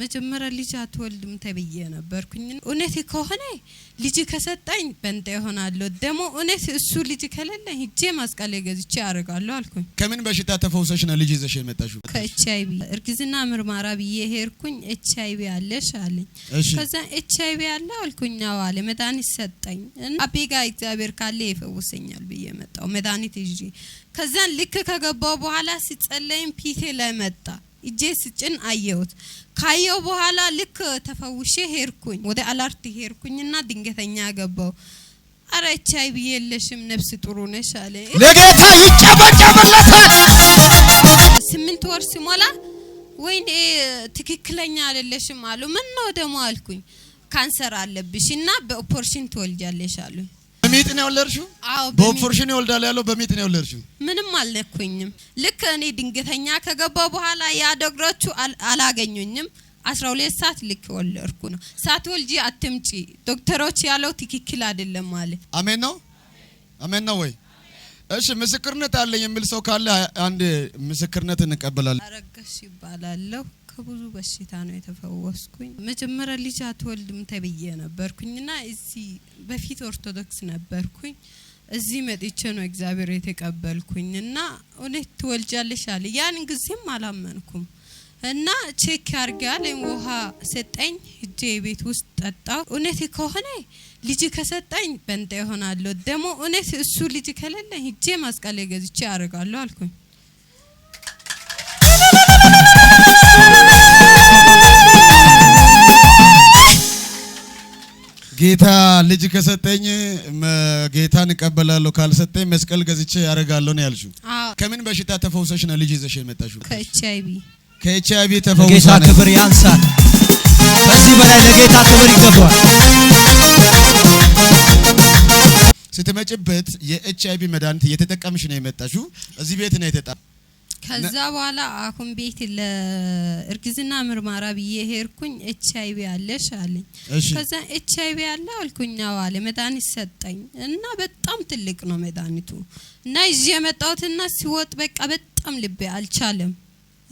መጀመሪያ ልጅ አትወልድም ተብዬ ነበርኩኝ። እውነት ከሆነ ልጅ ከሰጠኝ በንጠ ይሆናለሁ። ደግሞ እውነት እሱ ልጅ ከሌለ ሂጄ ማስቃለ ገዝቼ አደርጋለሁ አልኩኝ። ከምን በሽታ ተፈውሰሽ ነው ልጅ ይዘሽ የመጣሽው? ከኤች አይ ቪ እርግዝና ምርመራ ብዬ ሄድኩኝ። ኤች አይ ቪ አለሽ አለኝ። ከዛ ኤች አይ ቪ አለ አልኩኝ። አዎ መድኃኒት ሰጠኝ። አቤ ጋ እግዚአብሔር ካለ ይፈውሰኛል ብዬ መጣው መድኃኒት ይዤ። ከዛን ልክ ከገባው በኋላ ሲጸለይም ፒቴ ላይ መጣ እጄ ስጭን አየሁት። ካየው በኋላ ልክ ተፈውሼ ሄድኩኝ፣ ወደ አላርት ሄድኩኝና ድንገተኛ ገባው። አረ እቺ አይብ የለሽም ነፍስ ጥሩ ነሽ አለ። ለጌታ ይጨበጨብለታል። ስምንት ወር ሲሞላ ወይኔ ትክክለኛ አይደለሽም አሉ። ምን ነው ደግሞ አልኩኝ። ካንሰር አለብሽ እና በኦፖርሽን ትወልጃለሽ አሉኝ። በሚጥ ነው የወለድሽው? በኦፕሬሽን ይወልዳል ያለው በሚጥ ነው የወለድሽው? ምንም አልለኩኝም። ልክ እኔ ድንገተኛ ከገባ በኋላ ያ ዶክተሮቹ አላገኙኝም። አስራ ሁለት ሰዓት ልክ ወለድኩ ነው። ሳትወልጂ አትምጪ ዶክተሮች ያለው ትክክል አይደለም አለ። አሜን ነው አሜን ነው ወይ? እሺ ምስክርነት አለኝ የሚል ሰው ካለ አንድ ምስክርነት እንቀበላለን። አረጋሽ ይባላለሁ። ከብዙ በሽታ ነው የተፈወስኩኝ። መጀመሪያ ልጅ አትወልድም ተብዬ ነበርኩኝ እና እዚህ በፊት ኦርቶዶክስ ነበርኩኝ። እዚህ መጥቼ ነው እግዚአብሔር የተቀበልኩኝ እና እውነት ትወልጃለሽ አለ። ያን ጊዜም አላመንኩም እና ቼክ ያርጋል ውሃ ሰጠኝ። እጄ ቤት ውስጥ ጠጣው። እውነት ከሆነ ልጅ ከሰጠኝ በንጣ ይሆናለሁ። ደግሞ እውነት እሱ ልጅ ከሌለ እጄ ማስቃለ ገዝቼ አርጋለሁ አልኩኝ። ጌታ ልጅ ከሰጠኝ ጌታን እቀበላለሁ፣ ካልሰጠኝ መስቀል ገዝቼ ያደርጋለሁ ነው ያልሽው። ከምን በሽታ ተፈውሰሽ ነው ልጅ ይዘሽ የመጣሽው? ከኤች አይ ቪ ከኤች አይ ጌታ ክብር ያንሳል። ከዚህ በላይ ለጌታ ክብር ይገባል። ስትመጭበት የኤች አይ መድኃኒት እየተጠቀምሽ ነው የመጣሽው። እዚህ ቤት ነው የተጣ ከዛ በኋላ አሁን ቤት ለእርግዝና ምርመራ ብዬ ሄድኩኝ። ኤች አይ ቪ አለሽ አለኝ። ከዛ ኤች አይ ቪ አለ አልኩኝ። አዎ መድኃኒት ሰጠኝ እና በጣም ትልቅ ነው መድኃኒቱ እና ይዤ የመጣሁትና ሲወጥ በቃ በጣም ልቤ አልቻለም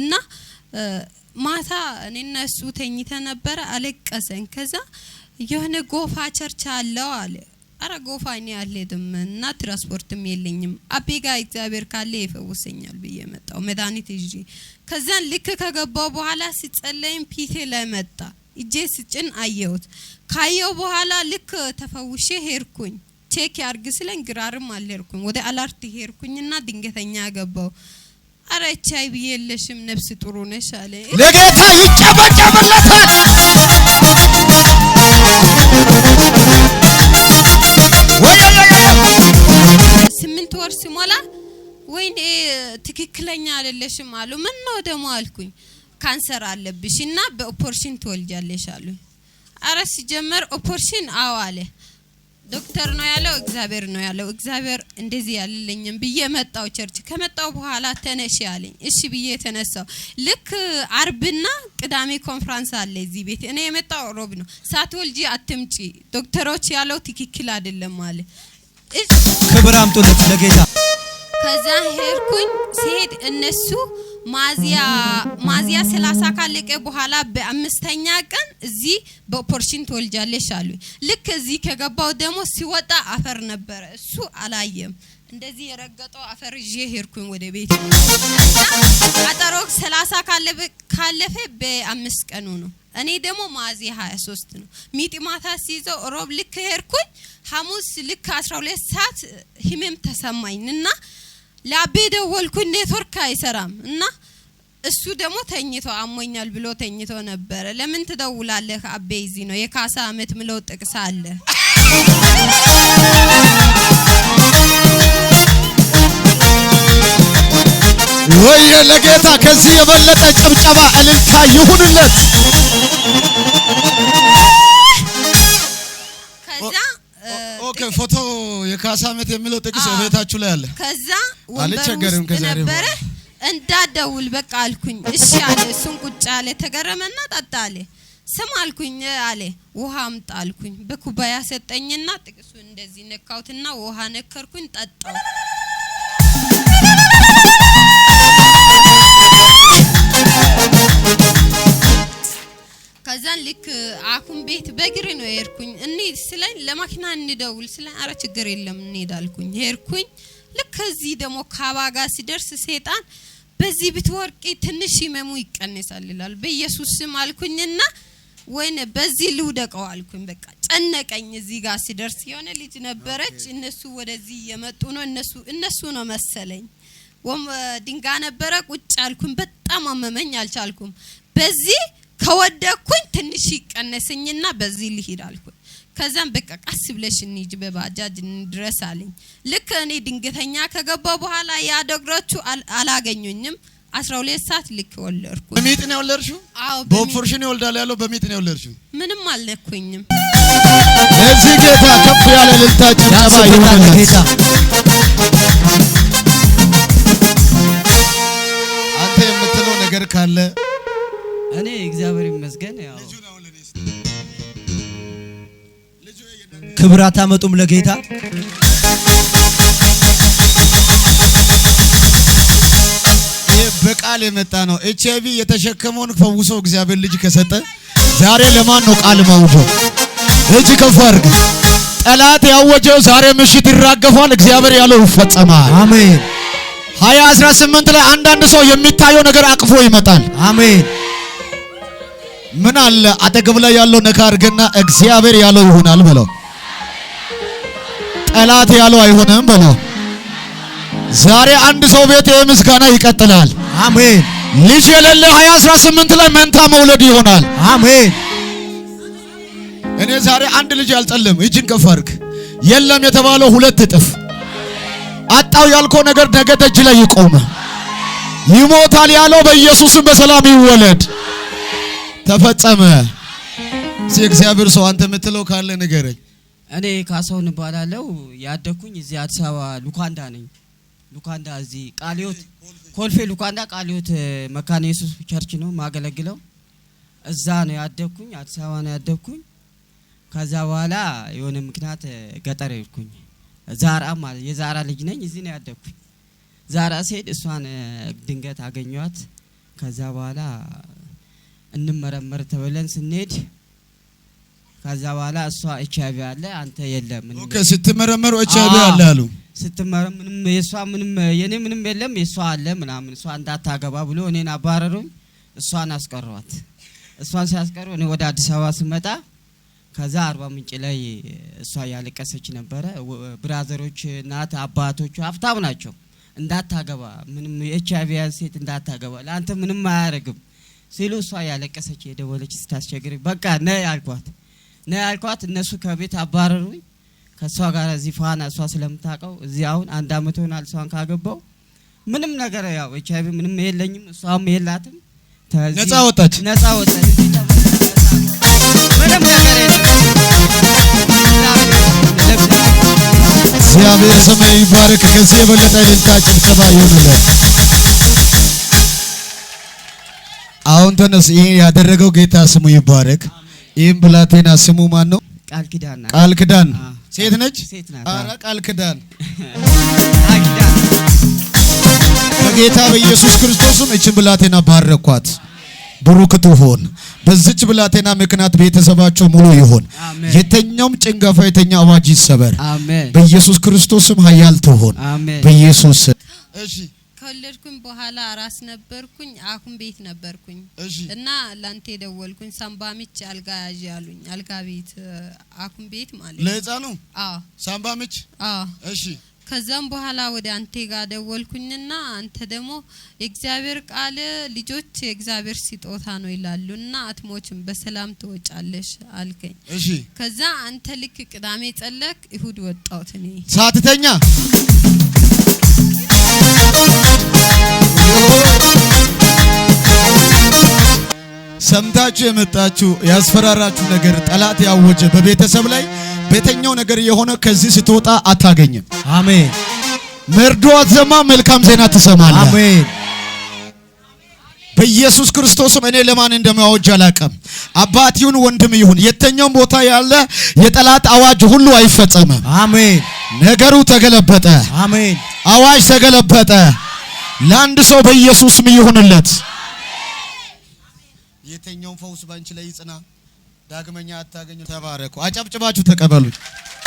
እና ማታ እኔና እሱ ተኝተ ነበረ። አለቀሰን። ከዛ የሆነ ጎፋ ቸርች አለው አለ አረ ጎፋ እኔ አልሄድም እና ትራንስፖርትም የለኝም። አቤ ጋ እግዚአብሔር ካለ ይፈውሰኛል ብዬ መጣው መድኃኒት ይዤ። ከዛን ልክ ከገባው በኋላ ሲጸለይም ፊቴ ላይ መጣ። እጄ ስጭን አየሁት። ካየው በኋላ ልክ ተፈውሼ ሄድኩኝ። ቼክ ያርግ ስለን ግራርም አልሄድኩኝ። ወደ አላርት ሄድኩኝና ድንገተኛ ገባው። አረ ቻይ ብዬ የለሽም ነፍስ ጥሩ ነሽ አለ። ለጌታ ይጨበጨብለታል። ስምንት ወር ሲሞላ ወይኔ ትክክለኛ አይደለሽም አሉ። ምን ነው ደግሞ አልኩኝ። ካንሰር አለብሽ እና በኦፖርሽን ትወልጃለሽ አሉኝ። አረ ሲጀመር ኦፖርሽን አዎ አለ ዶክተር ነው ያለው፣ እግዚአብሔር ነው ያለው። እግዚአብሔር እንደዚህ ያለልኝም ብዬ መጣው ቸርች። ከመጣው በኋላ ተነሽ ያለኝ፣ እሺ ብዬ ተነሳው። ልክ አርብና ቅዳሜ ኮንፍራንስ አለ እዚህ ቤት። እኔ የመጣው ሮብ ነው። ሳትወልጂ አትምጪ ዶክተሮች ያለው ትክክል አይደለም አለ። ክብር አምጡለት ለጌታ። ከዛ ሄድኩኝ። ሲሄድ እነሱ ማዚያ ማዚያ ሰላሳ ካለቀ በኋላ በአምስተኛ ቀን እዚህ በኦፖርሽን ትወልጃለሽ አሉ። ልክ እዚህ ከገባው ደግሞ ሲወጣ አፈር ነበረ፣ እሱ አላየም። እንደዚህ የረገጠው አፈር ይዤ ሄድኩኝ ወደ ቤት። ቀጠሮ ሰላሳ ካለፈ በአምስት ቀኑ ነው እኔ ደግሞ ሚያዝያ 23 ነው ሚጢማታ ሲይዘው ሮብ ልክ ሄድኩኝ። ሐሙስ ልክ 12 ሰዓት ህመም ተሰማኝ እና ለአቤ ደወልኩኝ። ኔትወርክ አይሰራም እና እሱ ደግሞ ተኝቶ አሞኛል ብሎ ተኝቶ ነበረ። ለምን ትደውላለህ አቤ? ይዚ ነው የካሳ አመት ምለው ጥቅስ አለ ወይ ለጌታ ከዚህ የበለጠ ጭብጨባ እልልታ ይሁንለት። ኦኬ ፎቶ የካሳ ዓመት የሚለው ጥቅስ ቤታችሁ ላይ አለ። ከዛ አልቸገርም ነበረ እንዳደውል በቃ አልኩኝ። እሺ አለ። እሱን ቁጭ አለ ተገረመና ጠጣ አለ። ስም አልኩኝ አለ ውሃ አምጣ አልኩኝ። በኩባያ ሰጠኝና ጥቅሱ እንደዚህ ነካሁትና ውሃ ነከርኩኝ ጠጣው። ከዛን ልክ አሁን ቤት በግሬ ነው የሄድኩኝ። እንሂድ ስለኝ ለማኪና እንደውል ስለ አረ ችግር የለም እንሂድ አልኩኝ። ሄድኩኝ። ልክ ከዚህ ደግሞ ካባጋ ሲደርስ ሴጣን በዚህ ብትወርቂ ትንሽ ይመሙ ይቀንሳል ይላል። በኢየሱስ ስም አልኩኝና ወይኔ በዚህ ልውደቀው አልኩኝ። በቃ ጨነቀኝ። እዚህ ጋር ሲደርስ የሆነ ልጅ ነበረች። እነሱ ወደዚህ እየመጡ ነው። እነሱ እነሱ ነው መሰለኝ። ወም ድንጋ ነበረ ቁጭ አልኩኝ። በጣም አመመኝ፣ አልቻልኩም በዚህ ከወደኩኝ ትንሽ ይቀነስኝና በዚህ ልሂድ አልኩኝ። ከዛም በቃ ቀስ ብለሽ እንሂጂ በባጃጅ እንድረስ አለኝ። ልክ እኔ ድንገተኛ ከገባ በኋላ ያ ዶክተሮቹ አላገኙኝም። አስራ ሁለት ሰዓት ልክ ወለድኩ። በሚጥ ነው የወለድሽው? አዎ በኦፕሬሽን ይወልዳል ያለው በሚጥ ነው የወለድሽው? ምንም አልነኩኝም። እዚህ ጌታ ከፍ ያለ ልልታ ያባይ ይሆናል ጌታ ግን ያው ክብር አታመጡም ለጌታ በቃል የመጣ ነው። ኤች አይቪ የተሸከመውን ፈውሶ እግዚአብሔር ልጅ ከሰጠ ዛሬ ለማን ነው ቃል ማውጀው? እጅ ከፍ አድርግ። ጠላት ያወጀው ዛሬ ምሽት ይራገፋል። እግዚአብሔር ያለው ይፈጸማል። አሜን። 2018 ላይ አንዳንድ ሰው የሚታየው ነገር አቅፎ ይመጣል። አሜን። ምን አለ አጠገብ ላይ ያለው ነካ አድርገና እግዚአብሔር ያለው ይሆናል በለው። ጠላት ያለው አይሆንም በለው። ዛሬ አንድ ሰው ቤት የምስጋና ይቀጥላል። አሜን። ልጅ የሌለ 2018 ላይ መንታ መውለድ ይሆናል። አሜን። እኔ ዛሬ አንድ ልጅ አልጠልም። እጅን ከፍ አድርግ። የለም የተባለው ሁለት እጥፍ አጣው ያልከው ነገር ነገ ደጅ ላይ ይቆም። ይሞታል ያለው በኢየሱስም በሰላም ይወለድ። ተፈጸመ። እዚህ እግዚአብሔር ሰው አንተ የምትለው ካለ ንገረኝ። እኔ ካሳሁን እባላለሁ። ያደኩኝ እዚህ አዲስ አበባ ሉካንዳ ነኝ። ሉካንዳ እዚህ ቃሊዮት ኮልፌ ሉካንዳ ቃሊዮት መካነ ኢየሱስ ቸርች ነው ማገለግለው። እዛ ነው ያደኩኝ፣ አዲስ አበባ ነው ያደኩኝ። ከዛ በኋላ የሆነ ምክንያት ገጠር ሄድኩኝ። ዛራ ማለት የዛራ ልጅ ነኝ። እዚህ ነው ያደኩኝ። ዛራ ሲሄድ እሷን ድንገት አገኘዋት። ከዛ በኋላ እንመረመር ተብለን ስንሄድ ከዛ በኋላ እሷ ኤች አይቪ አለ አንተ የለም። ኦኬ ስትመረመሩ ኤች አለ አሉ። ስትመረም ምንም የእሷ ምንም የኔ ምንም የለም የእሷ አለ ምናምን እሷ እንዳታገባ ብሎ እኔን አባረሩኝ። እሷን አስቀሯት። እሷን ሲያስቀሩ እኔ ወደ አዲስ አበባ ስመጣ ከዛ አርባ ምንጭ ላይ እሷ ያለቀሰች ነበረ። ብራዘሮች ናት አባቶቹ ሀብታም ናቸው። እንዳታገባ ምንም ኤች ሴት እንዳታገባ ለአንተ ምንም አያደርግም ሲሉ እሷ ያለቀሰች የደወለች ስታስቸግር በቃ ነይ አልኳት ነይ አልኳት። እነሱ ከቤት አባረሩኝ። ከእሷ ጋር እዚህ ፋና እሷ ስለምታውቀው እዚህ አሁን አንድ አመት ሆናል እሷን ካገባው ምንም ነገር ያው ኤች አይቪ ምንም የለኝም እሷም የላትም። ነጻ ወጣች ነጻ ወጣች። ምንም ነገር እግዚአብሔር ስም ይባረክ። ከዚህ የበለጠ እልልታ ጭብጨባ ይሆንለት። አሁን ተነስ። ይሄ ያደረገው ጌታ ስሙ ይባረክ። ይህም ብላቴና ስሙ ማን ነው? ቃል ኪዳን። ቃል ኪዳን ሴት ነች። ኧረ ቃል ኪዳን በጌታ በኢየሱስ ክርስቶስም እችን ብላቴና ባረኳት። ብሩክ ትሆን በዚች ብላቴና ምክንያት ቤተሰባቸው ሙሉ ይሆን። የተኛውም ጭንጋፋ የተኛ አዋጅ ይሰበር። በኢየሱስ ክርስቶስም ኃያል ትሆን። በኢየሱስ እሺ ከወለድኩኝ በኋላ አራስ ነበርኩኝ። አሁን ቤት ነበርኩኝ እና ላንተ የደወልኩኝ ሳምባምች አልጋ ያዥ ያሉኝ አልጋ ቤት አሁን ቤት ማለት ለህፃኑ ሳምባምች። እሺ ከዛም በኋላ ወደ አንቴ ጋር ደወልኩኝና አንተ ደግሞ የእግዚአብሔር ቃል ልጆች የእግዚአብሔር ስጦታ ነው ይላሉና አትሞችም በሰላም ትወጫለሽ አልከኝ። እሺ ከዛ አንተ ልክ ቅዳሜ ጸለክ፣ እሁድ ወጣሁት እኔ ሳትተኛ ሰምታችሁ የመጣችሁ ያስፈራራችሁ ነገር ጠላት ያወጀ በቤተሰብ ላይ ቤተኛው ነገር የሆነ ከዚህ ስትወጣ አታገኝም። አሜን። መርዶ አትሰማ፣ መልካም ዜና ትሰማለህ። አሜን። በኢየሱስ ክርስቶስም እኔ ለማን እንደማወጅ አላውቅም። አባት ይሁን ወንድም ይሁን የተኛውም ቦታ ያለ የጠላት አዋጅ ሁሉ አይፈጸምም። አሜን። ነገሩ ተገለበጠ። አሜን። አዋጅ ተገለበጠ። ለአንድ ሰው በኢየሱስም ይሁንለት። የተኛውን ፈውስ ባንቺ ላይ ይጽና። ዳግመኛ አታገኙ። ተባረኩ። አጨብጭባችሁ